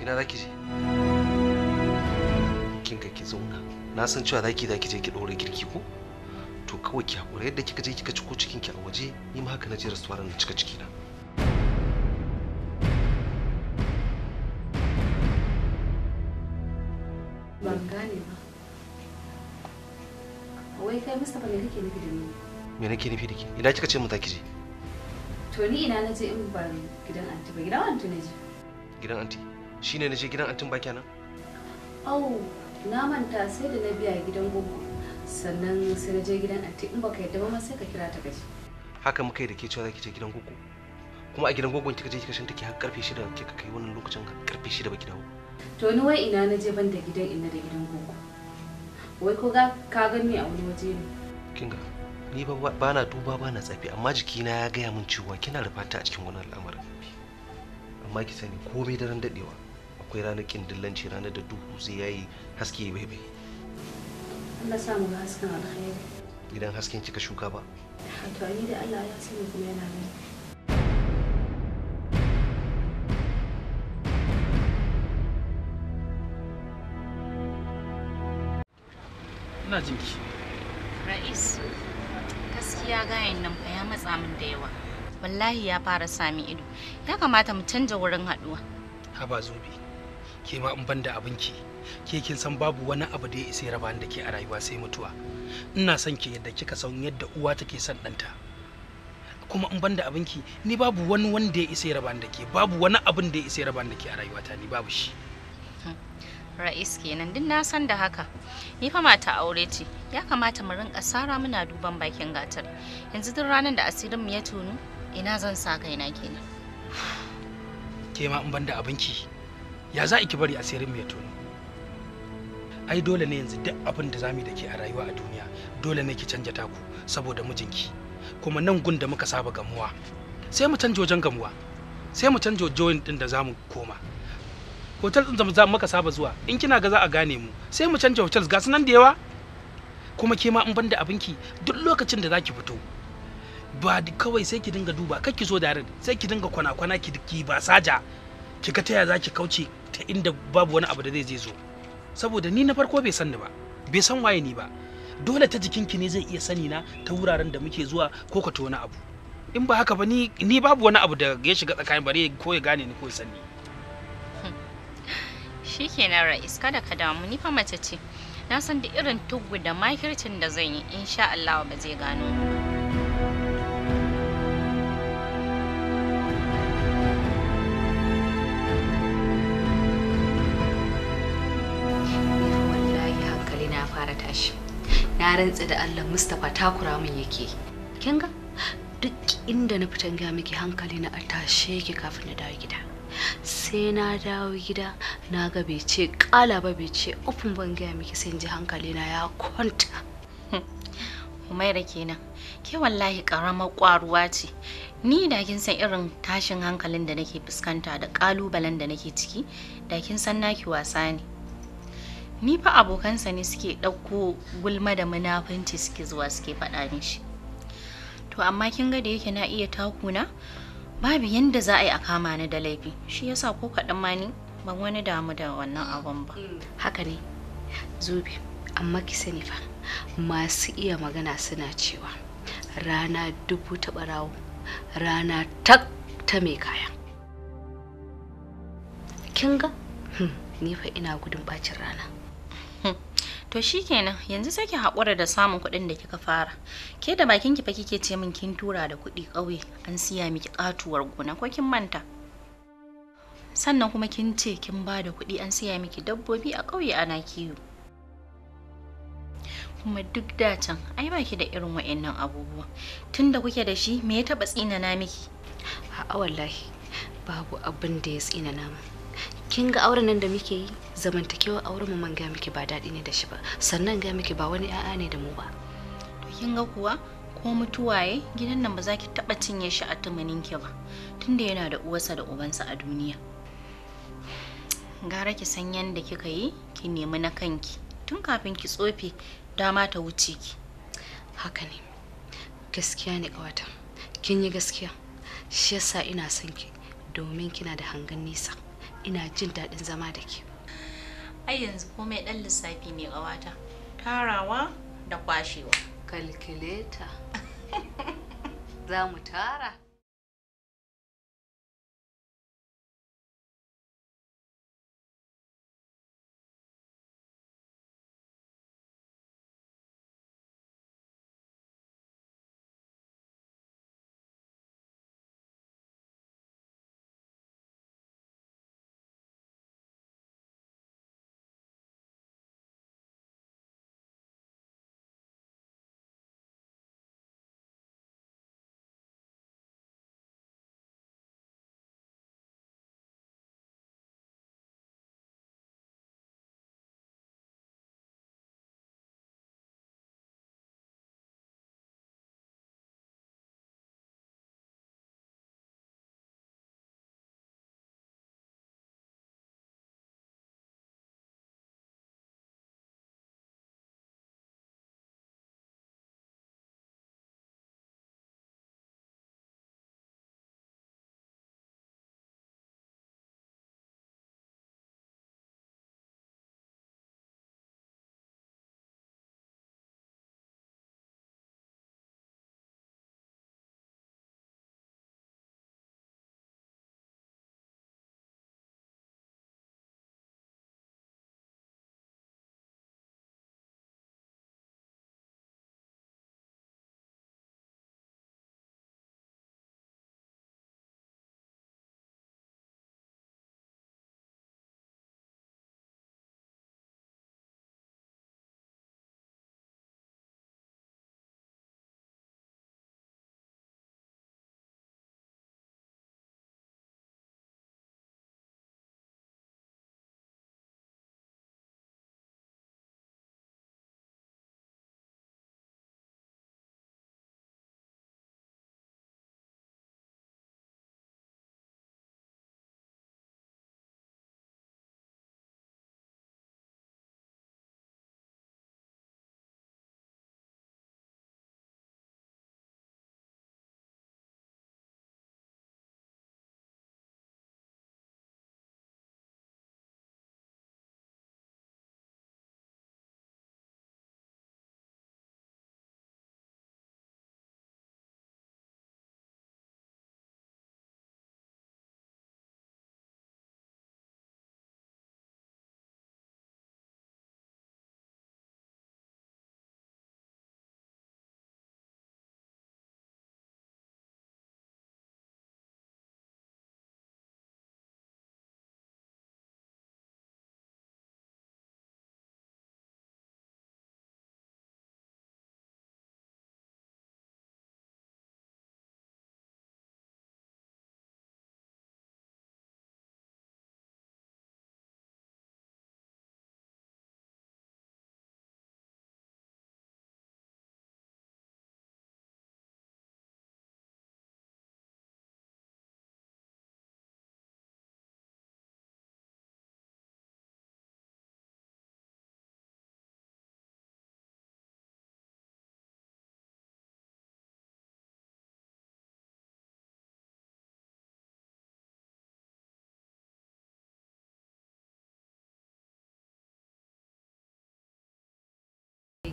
Ina san cewa za ki je ki ɗore girki ko? To kawai ki haƙura yadda kika je kika ciko cikinki a waje, ni ma haka na je restaurant na cika cikina. Kai Mustapha me kake nufi da ni? Me nake nufi da ke? Ina kika ce mu za je? To ni ina na je in ba gidan anti ba gidan anti na je. Gidan anti? Shine na je gidan antin ba kenan? Au, na manta sai da na biya gidan gogo. Sannan sai na je gidan anti in baka yadda ba ma sai ka kira ta gaji. Haka muka yi da ke cewa za ki je gidan gogo. Kuma a gidan gogon kika je kika shanta ke har karfe shida kika kai wannan lokacin karfe shida ba ki dawo. To ni wai ina na je ban da gidan ina da gidan gogo. wai ko ga ka ni a wani waje ne kinga ni ba ba na duba ba na tsafi amma jikina ya gaya min cewa kina da fata a cikin wani al'amarin amma ki sani komai daren dadewa akwai ranar kin dillanci ranar da duhu zai yayi haske bai bai Allah sa mu hasken alkhairi idan hasken kika shuka ba to ni da Allah ya sani kuma yana nan ina jinki ra'is gaskiya gayan nan fa ya matsa min da yawa wallahi ya fara sami ido ya kamata mu canja wurin haduwa haba zobe ke ma in banda abinki ke kin san babu wani abu da ya isa raba da ke a rayuwa sai mutuwa ina son ki yadda kika san yadda uwa take son ɗanta kuma in banda abinki ni babu wani wanda ya isa raba da ke babu wani abin da ya isa raba da ke a rayuwata ni babu shi ra'is kenan duk na san da haka ni fa mata aure ce ya kamata mu rinka sara muna duban bakin gatar yanzu duk ranar da asirinmu ya tunu ina zan sa kaina kenan ke ma in ban da abinki ya za ki bari asirinmu ya tunu ai dole ne yanzu duk abin da zamu da ke a rayuwa a duniya dole ne ki canja taku saboda mijinki kuma nan gun da muka saba gamuwa sai mu canjo wajen gamuwa sai mu canjo joyin din da zamu koma hotel din zamzam maka saba zuwa in kina ga za a gane mu sai mu canja hotels ga nan da yawa kuma ke ma in banda abinki duk lokacin da zaki fito ba kawai sai ki dinga duba kar ki zo da sai ki dinga kwana-kwana ki ba saja ki ga ta za zaki kauce ta inda babu wani abu da zai zo saboda ni na farko bai san ni ba bai san waye ni ba dole ta jikinki ne zai iya sani na ta wuraren da muke zuwa ko ka wani abu in ba haka ba ni babu wani abu da ya shiga tsakanin bare ko ya gane ni ko ya sani shikenan ra'is kada ka damu ni fa mace ce na san da irin tugu da makircin da zan yi insha Allah ba zai gano na fara da Allah Mustapha takura min yake kin ga duk inda na fitan ga miki hankali na a tashe yake kafin na dawo gida sai na dawo gida na ga bai ce kala ba bai ce ofin ban gaya miki sai ji hankali na ya kwanta hmm. umaira kenan ke wallahi karamar kwaruwa ce ni da kin san irin tashin hankalin da nake fuskanta da kalubalen da nake ciki da kin san naki wasa ne ni fa abokansa ne suke ɗauko gulma da munafunci suke zuwa suke faɗa mishi to amma kin ga da yake na iya takuna babu yanda za a yi a kama ni da laifi shi yasa ko kaɗan ma ni ban wani damu da wannan abun ba hmm. haka ne zobe amma ki sani fa masu iya magana suna cewa rana dubu ta barawo rana tak ta mai kaya kin ga hmm, ni fa ina gudun bacin rana hmm. To shi kenan, yanzu sai ki haƙura da samun kuɗin da kika fara. Ke da bakin ki fa kike ce min kin tura da kuɗi ƙauye an siya miki katuwar gona ko kin manta? Sannan kuma kin ce kin ba da kuɗi an siya miki dabbobi a ƙauye ana kiwo. kuma duk da can ai ba ki da irin wa'annan abubuwa tun da kuke da shi me ya taɓa tsinana miki a'a wallahi babu abin da ya tsinana min kin ga auren nan da muke yi zamantakewa auren mu man ga miki ba daɗi ne da shi ba sannan ga miki ba wani 'ya'ya ne da mu ba to kin ga kuwa ko mutuwaye gidan nan ba za ki taɓa cinye shi a tumanin ki ba tunda yana da uwarsa da ubansa a duniya gara ki san yadda kika yi ki nemi na kanki tun kafin ki tsofe dama ta wuce ki haka ne gaskiya ne kawata kin yi gaskiya shi yasa ina son ki domin kina da hangen nisa ina jin daɗin zama da ke ai yanzu komai ɗan lissafi ne ƙawata tarawa da kwashewa kalkuleta za mu tara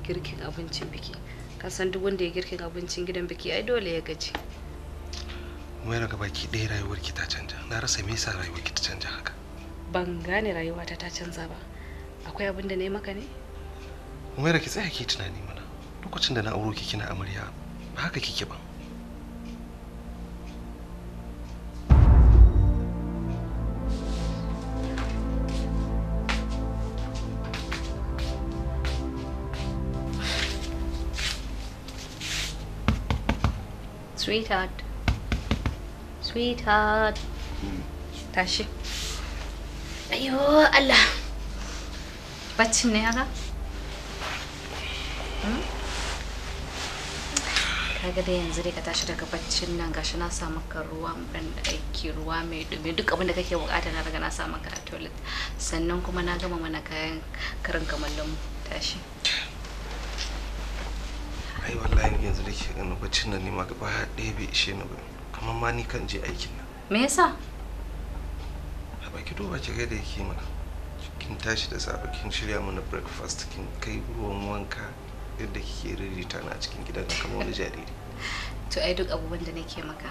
girkin abincin biki kasan duk wanda ya girkin abincin gidan biki ai dole ya gaji wai daga baki ɗaya rayuwar ki ta canja na rasa me yasa rayuwar ki ta canja haka ban gane rayuwata ta canza ba akwai abin da na yi maka ne wai ki tsaya ki tunani mana lokacin da na auro ki kina amarya ba haka kike ba sweetheart sweetheart hmm. tashi ayo Allah baccin ne haka kaga da yanzu dai ka tashi daga baccin nan gashi na sa maka ruwa ban aiki ruwa mai dumi duk abin da kake bukata na daga na sa maka a toilet sannan kuma na gama mana kayan karin kamallon tashi ai wallahi yanzu da ke ganin baccin nan ne ma gaba ɗaya bai ishe ni ba kamar ma ni kan je aikin nan me yasa a baki duba ki ga da yake mana kin tashi da safe kin shirya mana breakfast kin kai ruwan wanka yadda kike ririta na cikin gidan kamar wani jariri to ai duk abubuwan da nake maka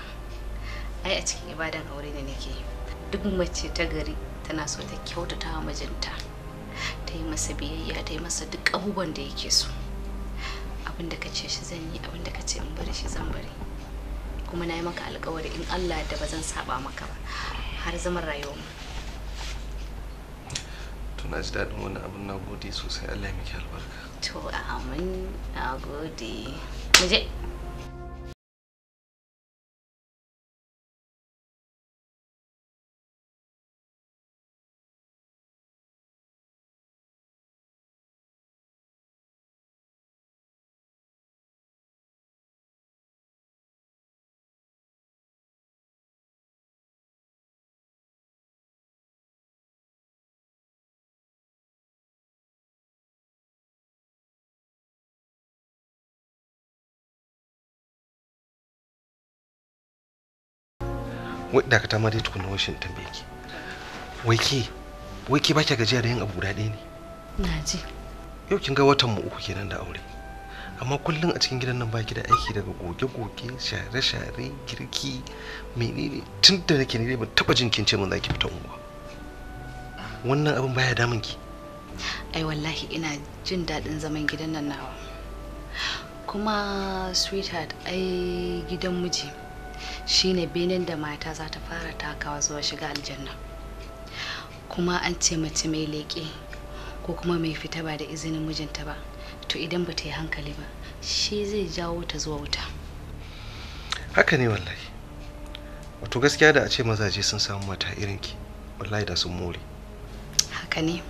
ai a cikin ibadan aure ne nake duk mace ta gari tana so ta kyautata wa mijinta ta yi masa biyayya ta yi masa duk abubuwan da yake so abin da ka ce shi zan yi abin da ka ce in bari shi zan bari kuma na yi maka alkawari in Allah da ba zan saba maka ba har zaman rayuwa to na ji daɗin wani abin na gode sosai Allah ya miki albarka to amin na gode mu dakata da ka tamar washin tambaye ki wai ke wai ke baki gajiya da yin abu guda ɗaya ne na ji yau kin ga watan mu uku kenan da aure amma kullum a cikin gidan nan baki da aiki daga goge-goge share-share girki menene tun da nake ne ban taba jin kin ce mun zaki fita unguwa wannan abin baya damun ki ai wallahi ina jin daɗin zaman gidan nan nawa kuma sweetheart ai gidan miji shine benin da mata za ta fara takawa zuwa shiga aljanna kuma an ce mace mai leƙe ko kuma mai fita ba da izinin mijinta ba to idan ba ta yi hankali ba shi zai jawo ta zuwa wuta haka ne wallahi wato gaskiya da a ce mazaje sun samu mata irinki wallahi da sun more haka ne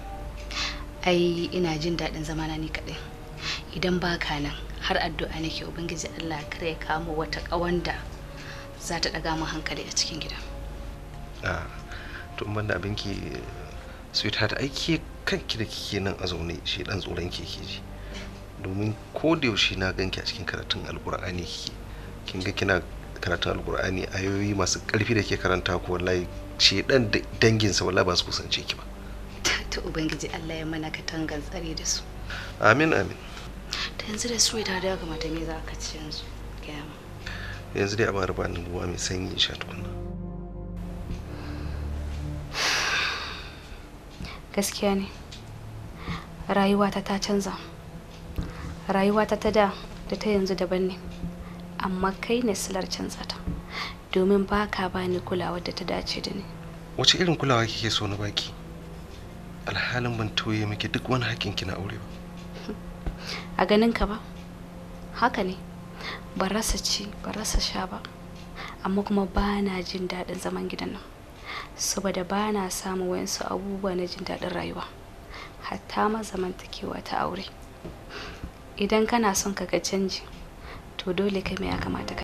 ai ina jin daɗin zamana ni kaɗai idan ba ka nan har addu'a nake ubangiji allah kar ya kamo wata ƙawanda za ta ɗaga mu hankali a cikin gida ah, to in banda abinki sweetheart aiki kanki da kike nan a zaune shi dan tsoron ke ke ji domin ko da yaushe na ganki a cikin karatun alkur'ani kike kin ga kina karatun alkur'ani ayoyi masu karfi da ke karanta ko wallahi ce dan dangin sa wallahi ba su kusance ki ba ta ubangiji Allah ya mana ka tangan tsare da su amin amin ta yanzu da sweetheart ya kamata me za ka ci yanzu yanzu dai a ba bani ruwa mai sanyi in sha tukunna gaskiya ne rayuwata ta canza rayuwata ta da da ta yanzu daban ne amma kai ne silar canza ta domin ba ka ba ni kulawar da ta dace da ni wace irin kulawa kike so na baki alhalin ban toye miki duk wani hakkin ki na aure ba a ganin ka ba haka ne ba rasa ci ba rasa sha ba amma kuma ba na jin daɗin zaman gidan nan saboda ba na samun wayansu abubuwa na jin daɗin rayuwa hatta ma zamantakewa ta aure idan kana son ka ga canji to dole kai mai ya kamata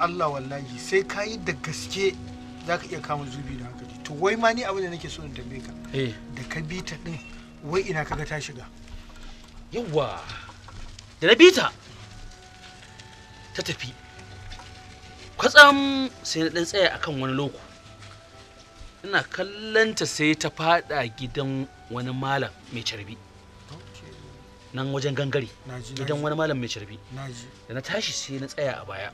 Allah wallahi sai ka yi da gaske za ka iya kama zubi da hankali to wai ma ni abin da nake so in tambaye ka eh. da ka bi ta din wai ina kaga ta shiga yawwa da na bi ta ta tafi kwatsam sai na dan tsaya akan wani loko ina kallanta sai ta fada gidan wani malam mai carbi nan wajen gangare gidan wani malam mai carbi da na tashi sai na tsaya a baya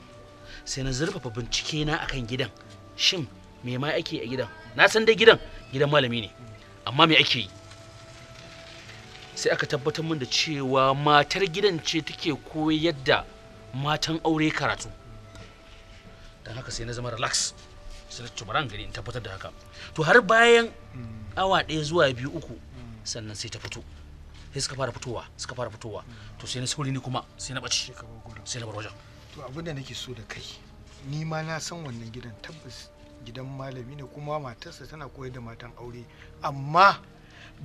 sai na zurfafa bincike na akan gidan shin me ma ake a gidan na san dai gidan gidan malami ne amma me ake yi sai aka tabbatar min da cewa matar gidan ce take koyar da matan aure karatu don haka sai na zama relax sai na tumaran gari in tabbatar da haka to har bayan awa ɗaya zuwa biyu uku sannan sai ta fito sai suka fara fitowa suka fara fitowa to sai na sauri ni kuma sai na ɓace sai na bar wajen to abin da nake so da kai ni ma na san wannan gidan tabbas gidan malami ne kuma matarsa tana koyar da matan aure amma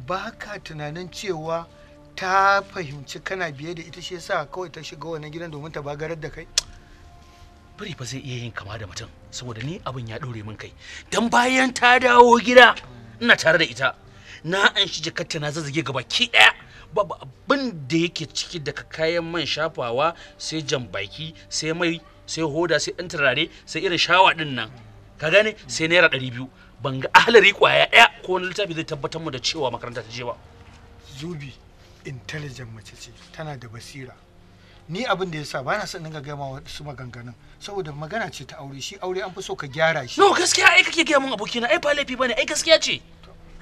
ba ka tunanin cewa ta fahimci kana biye da ita shi yasa kawai ta shiga wannan gidan domin ta bagarar da kai Bari ba zai iya yin kama da mutum saboda ni abin ya daure min kai dan bayan ta dawo gida ina tare da ita na an shi jakarta na zazzage gaba ki ɗaya babu abin da yake ciki daga kayan man shafawa sai jan baki sai mai sai hoda sai ɗan turare sai irin shawa ɗin nan ka gane sai naira ɗari biyu ban ga ahalari kwaya ɗaya ko wani littafi zai tabbatar mu da cewa makaranta ta je ba zubi intelligent mace ce tana da basira ni abin da yasa ba na son dinga wa wasu maganganun saboda magana ce ta aure shi aure an fi so ka gyara shi no gaskiya ai kake gaya mun abokina ai ba laifi bane ai gaskiya ce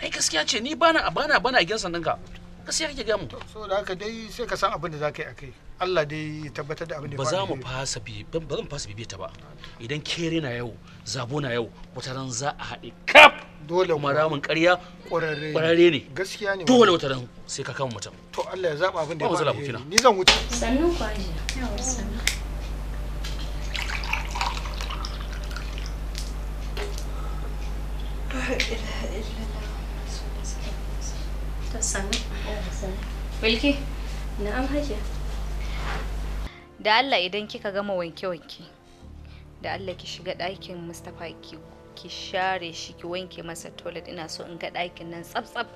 ai gaskiya ce ni bana bana bana a san sandanka gaskiya kike ga mu so da haka dai sai ka san abin da zaka yi akai Allah dai ya tabbatar da abin da ba za mu fasa bi ba zan fasa bibiya ta ba idan kere na yau zabo na yau wata ran za a haɗe kap dole kuma ramin ƙarya ƙwararre ne gaskiya ne dole wata ran sai ka kama mutum to Allah ya zaba abin da ya faɗi ni zan wuce sannu kwaji sannu Da Allah idan kika gama wanke-wanke. Da Allah ki shiga ɗakin Mustapha ki ki share shi ki wanke masa toilet ina so in ga ɗakin nan tsaf-tsaf.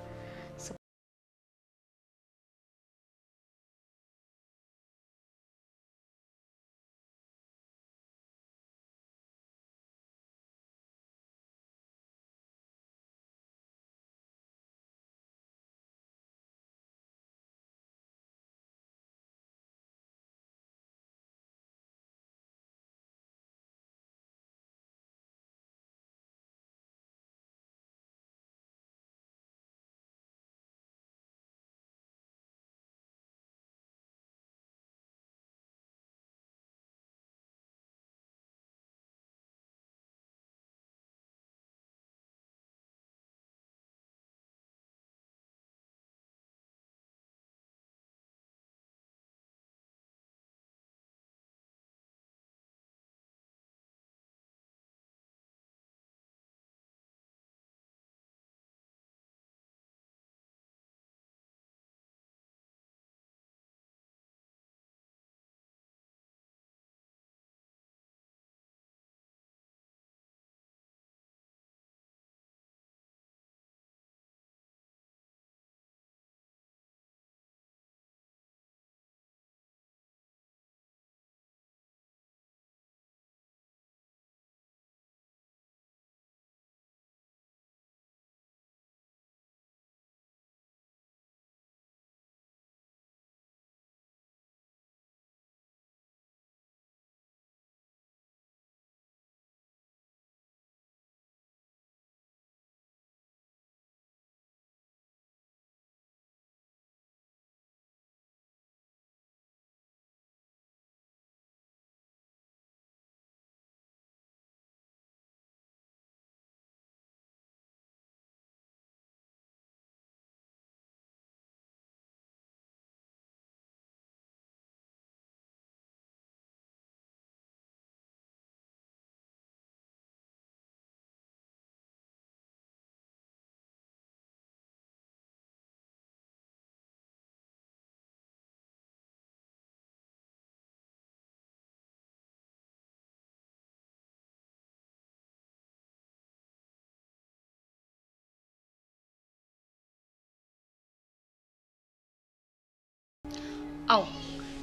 Au,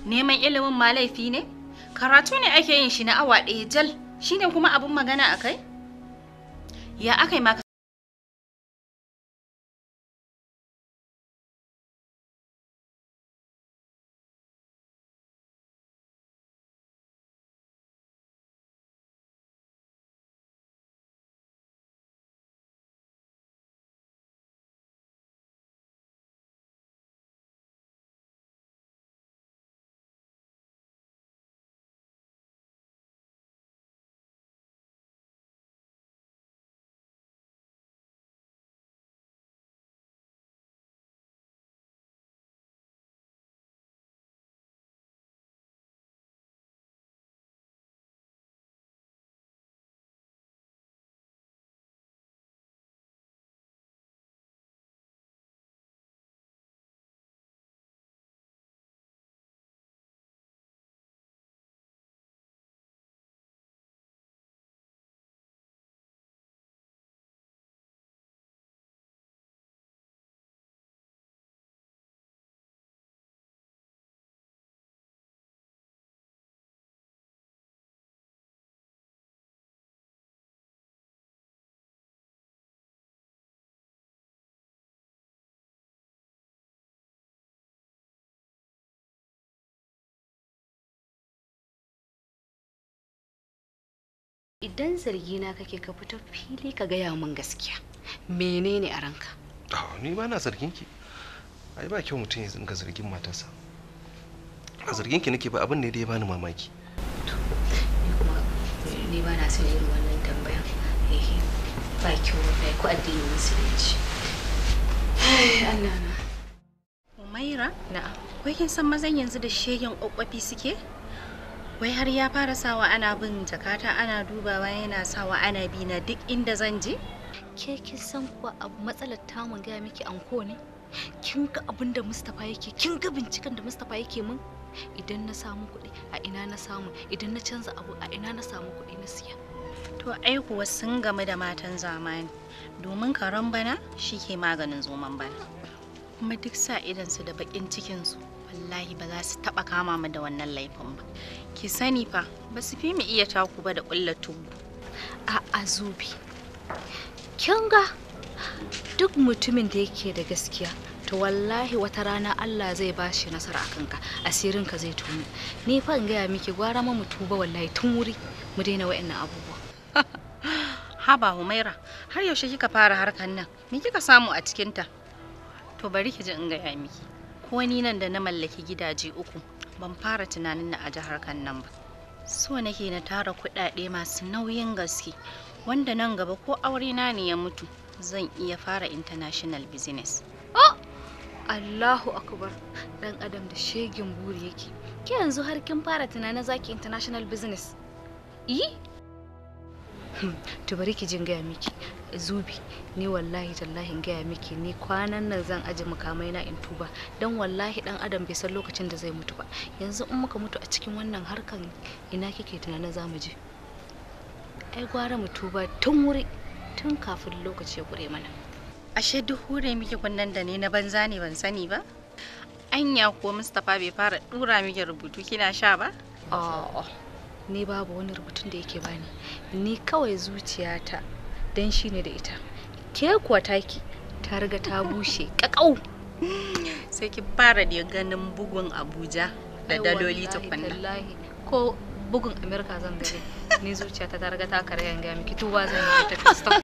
neman ilimin ma laifi ne? Karatu ne ake yin shi na awa ɗaya jal, shi ne kuma abin magana a kai? Ya aka yi ma idan zargina kake ka fito fili ka gaya min gaskiya menene a ranka ni ba na zargin ki ai ba kyau mutum ya zinga zargin matarsa a zargin ki nake ba abin ne da ya bani mamaki ni ba na son irin wannan tambayan eh, ba kyau ba ko addinin musulunci Allah na Umaira na'am wai kin san mazan yanzu da shegen kokkofi suke wai har ya fara sawa ana bin jakata ana dubawa yana sawa ana bi na duk inda zan je ke kin san kuwa abu matsalar tamun gaya miki anko ne kin ga abin da mustapha yake kin ga binciken da mustapha yake mun? idan na samu kuɗi a ina na samu idan na canza abu a ina na samu kuɗi na siya to ai kuwa sun gamu da matan zamani domin karon bana shi ke maganin zoman bana kuma duk sa su da bakin su, wallahi ba za su taɓa kama mu da wannan laifin ba Ki sani fa, ba su fi mu iya taku ba da ƙulla tumbu. A'a zubi. Kin ga duk mutumin da yake da gaskiya to wallahi wata rana Allah zai ba shi nasara a kanka asirin ka zai tuni ni fa in gaya miki gwara ma mu tuba wallahi tun wuri mu daina wa'annan abubuwa haba Humaira har yaushe kika fara harkan nan me kika samu a cikin ta to bari ki ji in gaya miki ko ni nan da na mallaki gidaje uku ban fara tunanin na aji harkan nan ba so nake na tara kuɗaɗe masu nauyin gaske wanda nan gaba ko aure na ne ya mutu zan iya fara international business oh Allahu akbar dan adam da shegin buri yake ke yanzu har kin fara tunanin zaki international business eh? Hmm, to ki jin gaya miki zubi ni wallahi tallahi gaya miki ni kwanan nan zan ajiye mukamai na in tuba dan wallahi dan adam bai san lokacin da zai mutu ba yanzu in muka mutu a cikin wannan harkan ina kike tunanin za mu je ai gwara mu tuba tun wuri tun kafin lokaci ya kure mana ashe duk hure miki kunnan da ne na banza ne ban sani ba anya ko mustapha bai fara dura miki rubutu kina sha ba oh. ni babu wani rubutun da yake bani ni kawai zuciyata dan shi ne da ita ke kuwa taki ta riga ta bushe kakau sai ki fara da ganin bugun abuja da daloli tukunna ko bugun amerika zan gani ni zuciyata ta riga ta karya ga miki tuba zan yi ta stop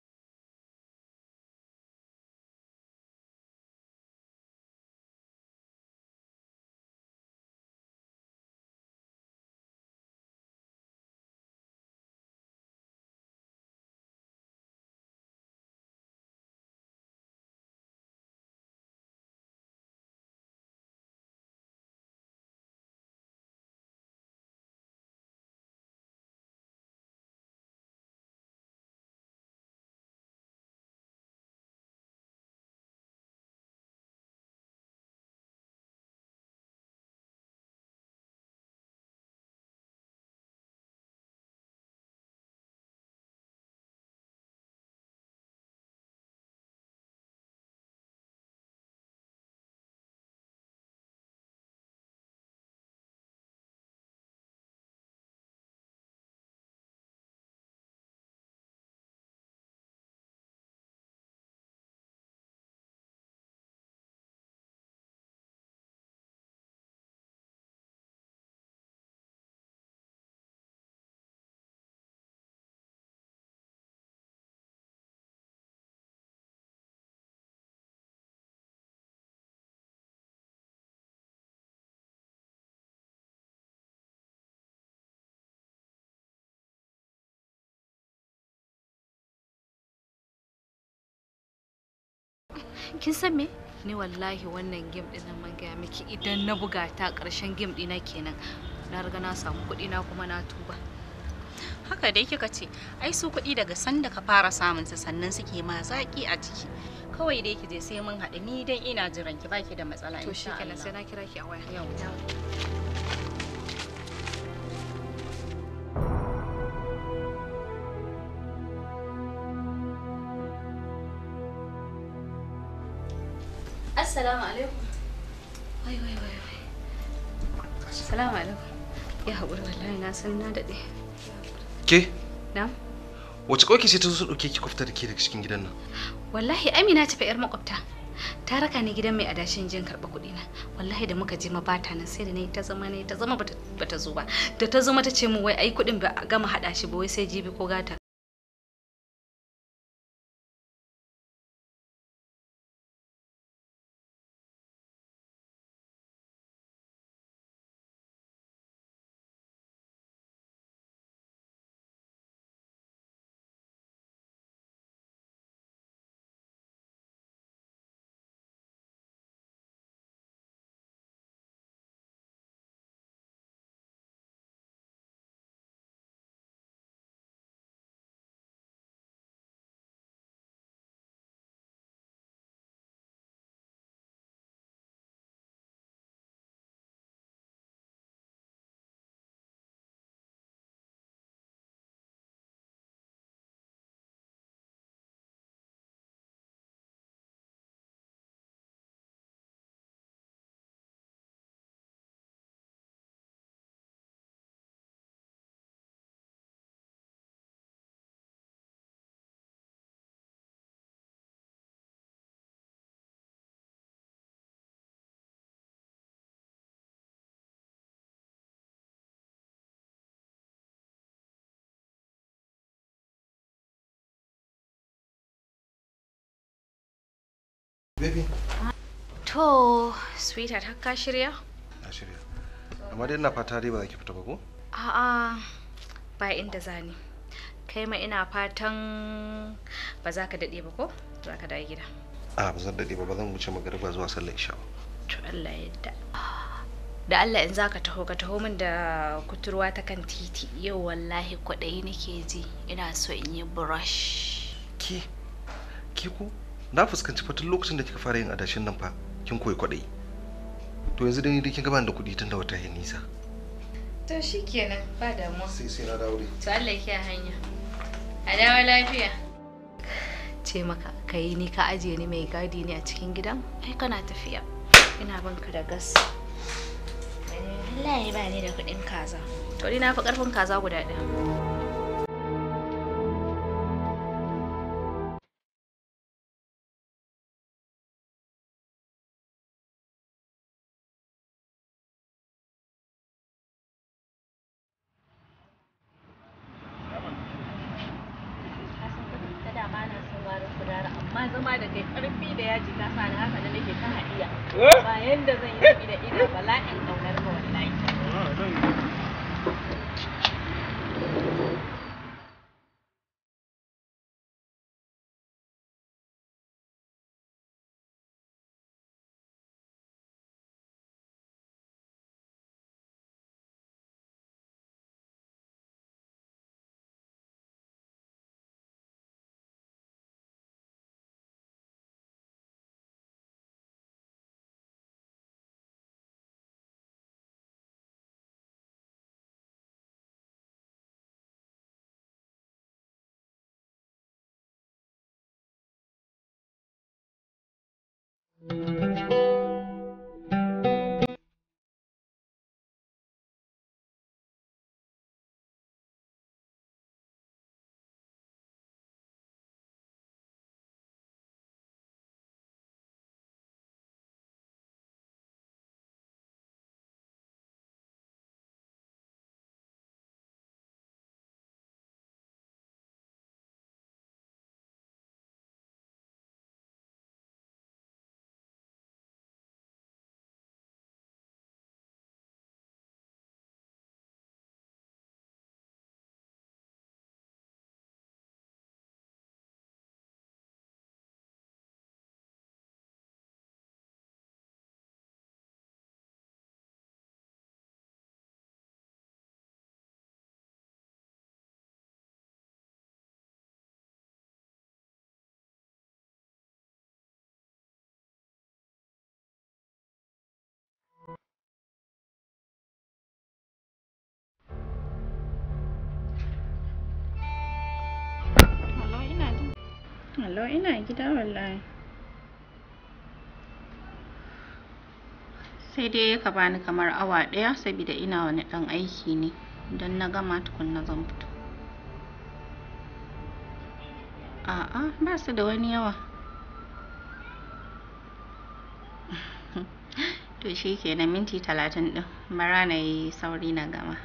kin san me ni wallahi wannan gim din nan man gaya miki idan na buga ta karshen game dina kenan na riga na samu kuɗi na kuma na tuba haka dai kika ce ai su kuɗi daga sanda ka fara samun su sannan suke ma zaki a ciki kawai dai ki je sai mun haɗu ni dan ina jiran ki baki da matsala to shikenan sai na kira ki a waya yau السلام عليكم Wai wai wai wai. السلام عليكم يا هبور والله na san دادي daɗe. Ke? Na? Wace ƙauke sai ta zo kofta ki da ke daga cikin gidan nan? Wallahi Amina ta fa 'yar makwabta. Ta raka ni gidan mai adashin jin karɓa kuɗi na. Wallahi da muka je ma bata nan sai da na ta zama na ta zama bata zo ba. Da ta zama ta ce mu wai ai kuɗin ba gama hada shi ba wai sai jibi ko gata. Baby. To, sweetheart, har ka shirya? Na shirya. Amma dai ina fata dai ba za ki fita ba ko? A'a, ba inda zani. Kai ma ina fatan ba za ka daɗe ba ko? Za ka dawo gida. A ba zan daɗe ba ba zan wuce magariba zuwa sallar isha ba. To Allah ya Da Allah in za ka taho ka taho min da kuturwa ta kan titi yau wallahi kwaɗayi nake ji ina so in yi brush. Ki? Ki ko? na fuskanci fatan lokacin da kika fara yin adashin nan fa kin koyi kwaɗayi to yanzu dai dai kin gaba da kuɗi tun da wata ya nisa to shikenan ba damuwa sai sai na dawo to Allah ya kiyaye hanya a dawo lafiya ce maka ka yi ni ka ajiye ni mai gadi ne a cikin gidan ai kana tafiya ina banka da gas Allah ya ba ni da kuɗin kaza to ni na fi ƙarfin kaza guda ɗaya Mm-hmm. lafiya ina gida wallahi. Sai dai ka bani kamar awa ɗaya sabida ina wani ɗan aiki ne. Idan na gama tukunna zan fito. A'a ba su da wani yawa. To na minti talatin din bara na yi sauri na gama.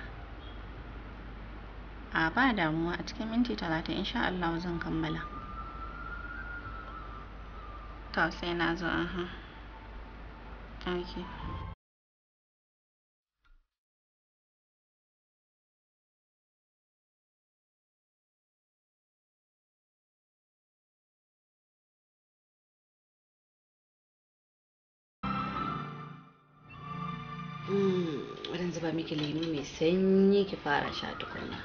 A ba damuwa a cikin minti talatin insha Allah zan kammala. to sai na zo aha okay wadan zuba miki lemu mai sanyi ki fara sha tukunna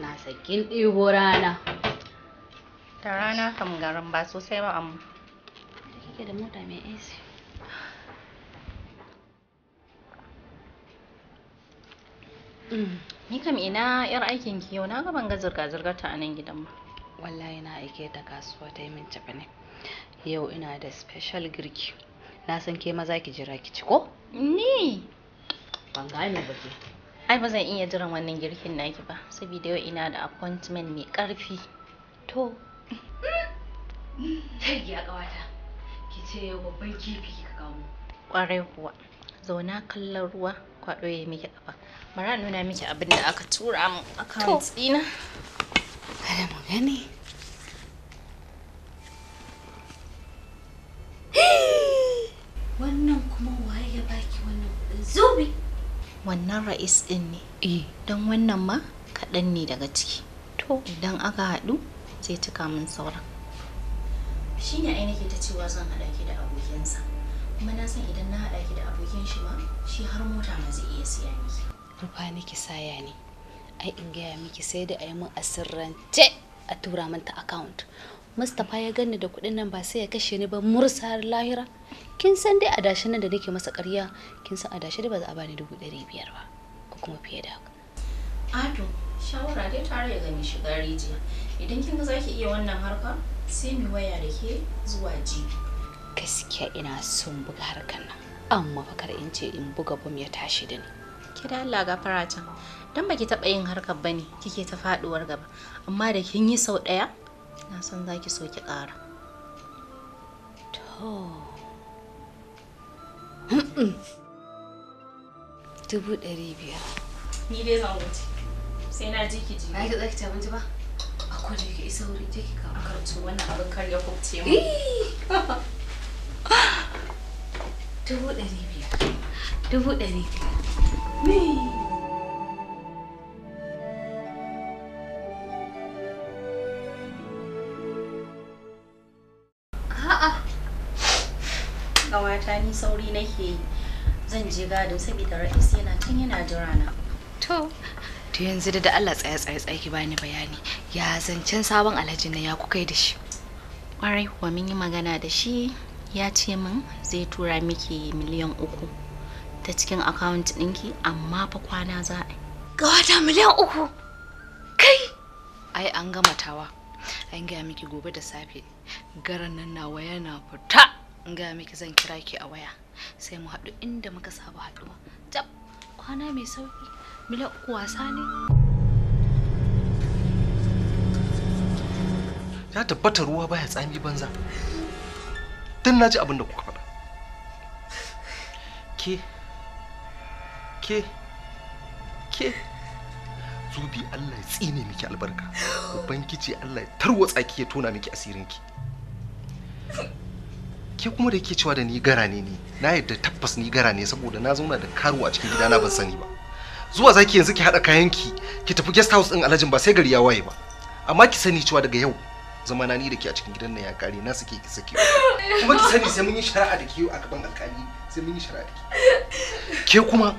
na sakin ɗigo rana da rana kam garin ba sosai ba amma kike da mota mai AC mm. ni kam ina yar aikin ki yau na ga ban ga zirga zirgar ta a nan gidan ba wallahi na aike ta kasuwa ta yi min cefane yau ina da special girki na san ke maza ki jira ki ci ko ni ban gane ba ke ai ba zan iya jiran wannan girkin naki ba saboda yau ina da appointment mai karfi to Tayya ƙawata, ki ce yau babban kifi kika kamo. Ƙwarai kuwa, zauna kallon ruwa kwaɗo ya miki ƙafa. Mara nuna miki abin da aka tura mu akan tsina. Kada mu gani. Wannan kuma waye ya baki wannan kuɗin zubi? Wannan ra'is ɗin ne. Eh. Don wannan ma kaɗan ne daga ciki. To. Idan aka haɗu zai cika min sauran ne ai nake ta cewa zan haɗa ki da abokinsa kuma na san idan na haɗa ki da abokin shi ma shi har mota ma zai iya siya miki rufa ki saya ne ai in gaya miki sai da ai mun asirrance a tura min ta account Mustapha ya ganni da kuɗin nan ba sai ya kashe ni ba mursar lahira kin san dai adashin nan da nake masa ƙarya kin san adashi da ba za a bani dubu ɗari biyar ba ko kuma fiye da haka Ado shawara dai tare ya gani shiga rijiya idan kin ga zaki iya wannan harkar sai mu waya da ke zuwa jibi gaskiya ina son buga harkar nan amma fakar in ce in buga bom ya tashi da ni ki da Allah gafara can dan baki taba yin harkar bane kike ta faduwar gaba amma da kin yi sau daya na san zaki so ki ƙara to dubu ɗari biyar ni dai zan wuce sai na ji ki ji ba ki tsaki abinci ba ko da karatu wannan abin karya ya kubce ɗari biyar ɗari biyar ni sauri nake yi zan je gadin saboda raisi yana can yana jira to to yanzu da Allah tsaya tsaya tsaya ki bani bayani ya zancen sabon alhaji na ya ku kai da shi kwarai kuwa mun yi magana da shi ya ce min zai tura miki miliyan uku ta cikin akawunt ɗinki amma fa kwana za a ga wata miliyan uku kai ai an gama tawa an gaya miki gobe da safe garan nan waya na fita An gaya miki zan kira ki a waya sai mu haɗu inda muka saba haɗuwa kwana mai sauki Bila uku wasa ne? Ya tabbata ruwa baya tsami banza. Tun na ji abin kuka faɗa. Ke, ke, ke. Zubi Allah ya tsine miki albarka. Ubangiji Allah ya tarwatsa ki ya tona miki asirinki. ke kuma da ke cewa da ni gara ne ni na yadda tabbas ni gara ne saboda na zauna da karuwa a cikin gidana ban sani ba zuwa zaki yanzu ki haɗa kayanki ki tafi guest house din alhajin ba sai gari ya waye ba amma ki sani cewa daga yau zamana ni da ke a cikin gidan nan ya kare na suke ki saki kuma ki sani sai mun yi shari'a da ke a gaban alkali sai mun yi shari'a da ke ke kuma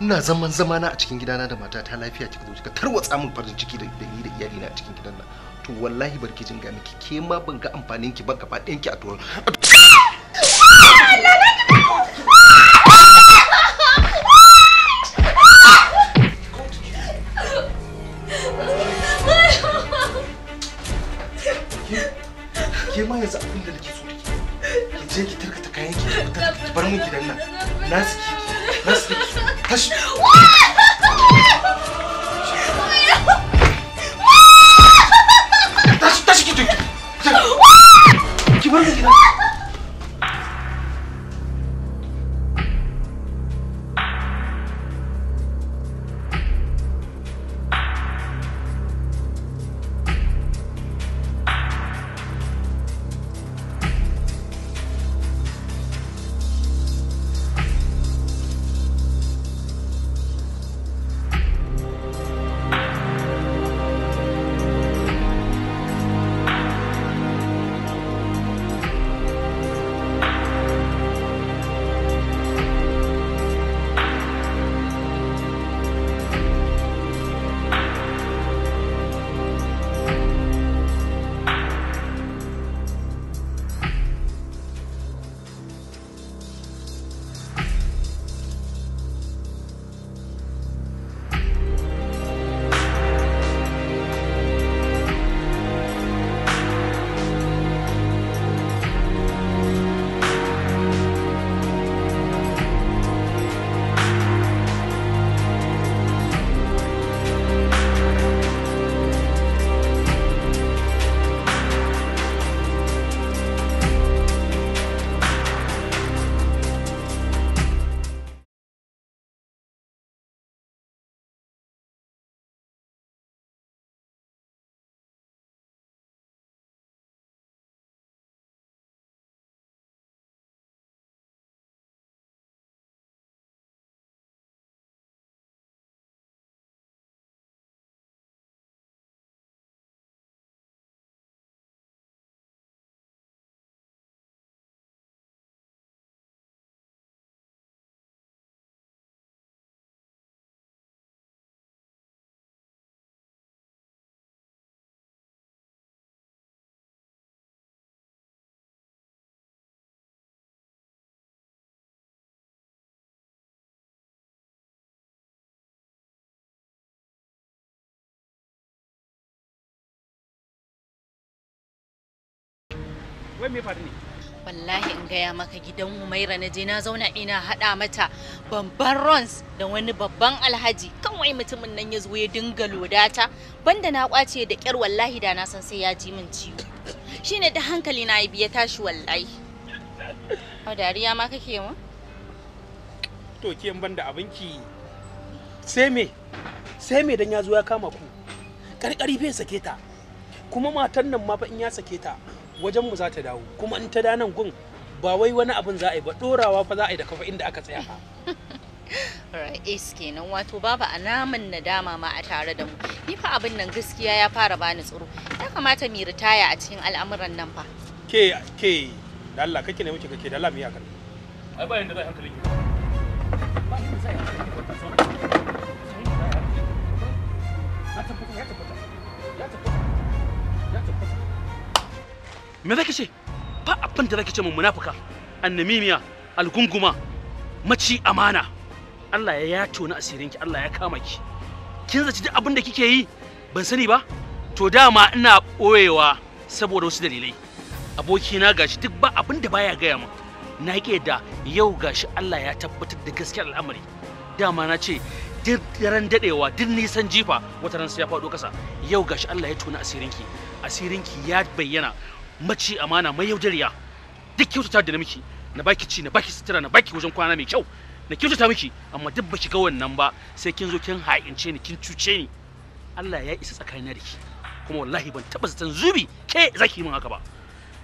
ina zaman zamana a cikin gidana da mata ta lafiya ki zo ka tarwatsa min farin ciki da ni da iyali na a cikin gidan nan to wallahi barki jin ga miki ke ma ban ga amfanin ki ba gaba ɗayan ki a turan bar min gidan nan na wai me faru ne wallahi in gaya maka gidan umaira na je na zauna ina hada mata babban rons da wani babban alhaji kawai mutumin nan ya zo ya dinga lodata banda na kwace da kyar wallahi da na san sai ya ji min ciwo shine da hankali na ya tashi wallahi a dariya ma kake mu to ke banda abinki sai me sai me dan ya zo ya kama ku karkari bai sake ta kuma matan nan ma fa in ya sake ta wajen mu za ta dawo kuma in ta danan gun ba wai wani abin za a yi ba dorawa fa za a yi da kafa inda aka tsaya fa Ra'is kenan wato babu namun nadama ma a tare da mu. Ni fa abin nan gaskiya ya fara bani tsoro. Ya kamata mu ritaya a cikin al'amuran nan fa. Ke ke da Allah kake ne muke kake da Allah mu yi Ai ba yanda zai hankali Ba zai hankali ta me zaki ce ba abin da zaki ce mun munafuka annamimiya algunguma maci amana Allah ya yato na asirinki Allah ya kama ki kin zaci duk abin da kike yi ban sani ba to dama ina ɓoyewa saboda wasu dalilai abokina gashi duk ba abin da baya gaya min na ƙi da yau gashi Allah ya tabbatar da gaskiyar al'amari dama na ce duk daren dadewa duk nisan jifa wata ran sai ya faɗo kasa yau gashi Allah ya tona asirinki asirinki ya bayyana mace amana mai yaudariya duk kyautata da namiki na baki ci na baki sutura na baki wajen kwana mai kyau na kyautata miki amma duk ba shiga wannan ba sai kin zo kin ha'ince ni kin cuce ni Allah ya isa tsakanin da ki kuma wallahi ban taba zaton zubi ke zaki min haka ba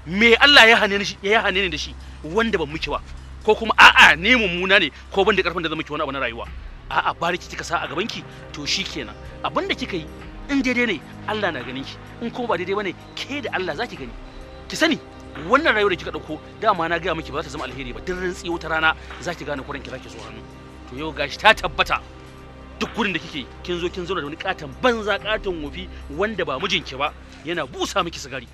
me Allah ya hane ni ya hane ni da shi wanda ban miki ba ko kuma a'a ne mummuna ne ko ban da karfin da zan miki wani abu na rayuwa a'a bariki tika sa a gaban ki to shikenan abin da kika yi in daidai ne Allah na ganin ki in kuma ba daidai bane ke da Allah zaki gani ki sani wannan rayuwar da kika dauko dama na gaya miki ba za ta zama alheri ba duk rantsi wata rana za ki gane kurin ki za ki zo hannu to yau gashi ta tabbata duk gurin da kike kin zo kin zo da wani katon banza katon wofi wanda ba mijinki ba yana busa miki sigari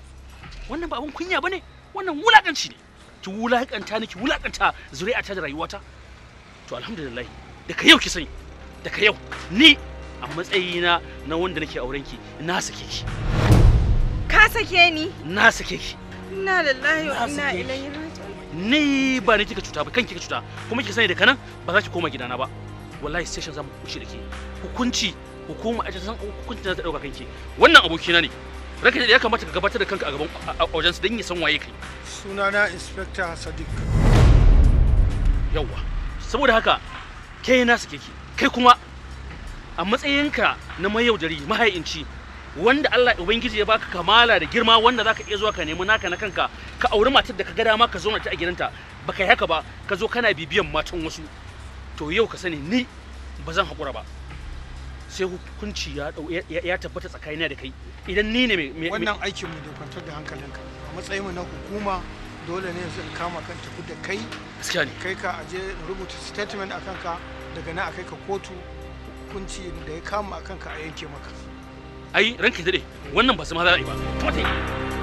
wannan ba abun kunya bane wannan wulakanci ne ki wulakanta ni ki wulakanta zuri'ata da rayuwata to alhamdulillah daga yau ki sani daga yau ni a matsayina na wanda nake aurenki na sake ki ka sake ni na sake ki Inna lillahi wa inna ilaihi raji'un. Ni ba ni kika cuta ba kanki kika cuta kuma kika sani da kanan ba za ki koma gidana ba. Wallahi station zamu kushe da ke. Hukunci hukuma ita san hukuncin za ta dauka kanki. Wannan abokina ne. Ranka da ya kamata ka gabatar da kanka a gaban aujensu don ya san waye kai. Sunana Inspector Sadiq. Yawwa. Saboda haka kai na suke ki kai kuma a matsayinka na mayaudari mahayinci wanda Allah ubangiji ya baka kamala da girma wanda zaka iya zuwa ka nemi naka na kanka ka auri matar da ka ga dama ka zo ta a gidanta baka yi haka ba ka zo kana bibiyan matan wasu to yau ka sani ni ba zan haƙura ba sai hukunci ya ya tabbata tsakanina da kai idan ni ne mai wannan aikin mu da kwantar da hankalinka a matsayin mu na hukuma dole ne zan kama kan tafi da kai gaskiya ne kai ka aje rubuta statement akan ka daga nan akai ka kotu hukunci da ya kama akan ka a yanke maka ai ranka ya daɗe wannan ba su ma za a yi ba kuma ta